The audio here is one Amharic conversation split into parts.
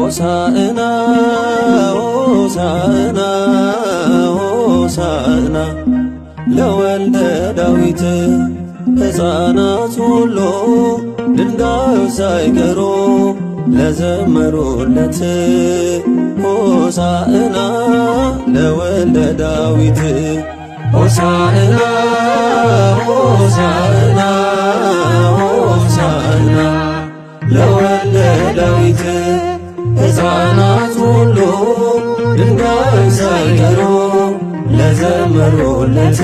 ሆሳዕና ሆሳዕና ሆሳዕና ለወልደ ዳዊት ሕፃናት ሁሉ ድንጋዩ ሳይቀሩ ለዘመሩለት ሆሳዕና ለወልደ ዳዊት ሆሳዕና ሆሳዕና ሆሳዕና ለወልደ ዳዊት ሕፃናት ሁሉ ድንጋይ ሳይቀሩ ለዘመሩለት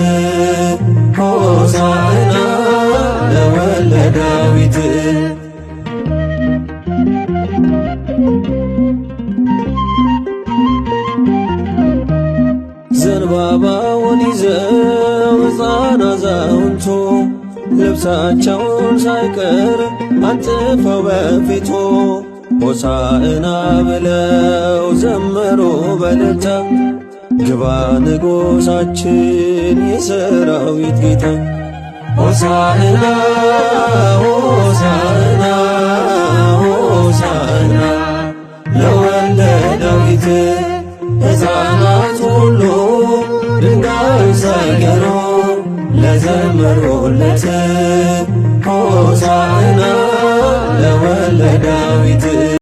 ሆሳዕና ለወልደ ዳዊት ዘንባባውን ይዘው ሕፃን አዛውንቱ ልብሳቸውን ሳይቀር አንጥፈው በፊቱ ሆሳዕና ብለው ዘመሩ በልታ ግባ ንጉሳችን የሰራዊት ጌታ ሆሳዕና ሆሳዕና ሆሳዕና ለወልደ ዳዊት ሕፃናት ሁሉ ድንጋይ ሳይቀሩ ለዘመሩለት ሆሳዕና ለወልደ ዳዊት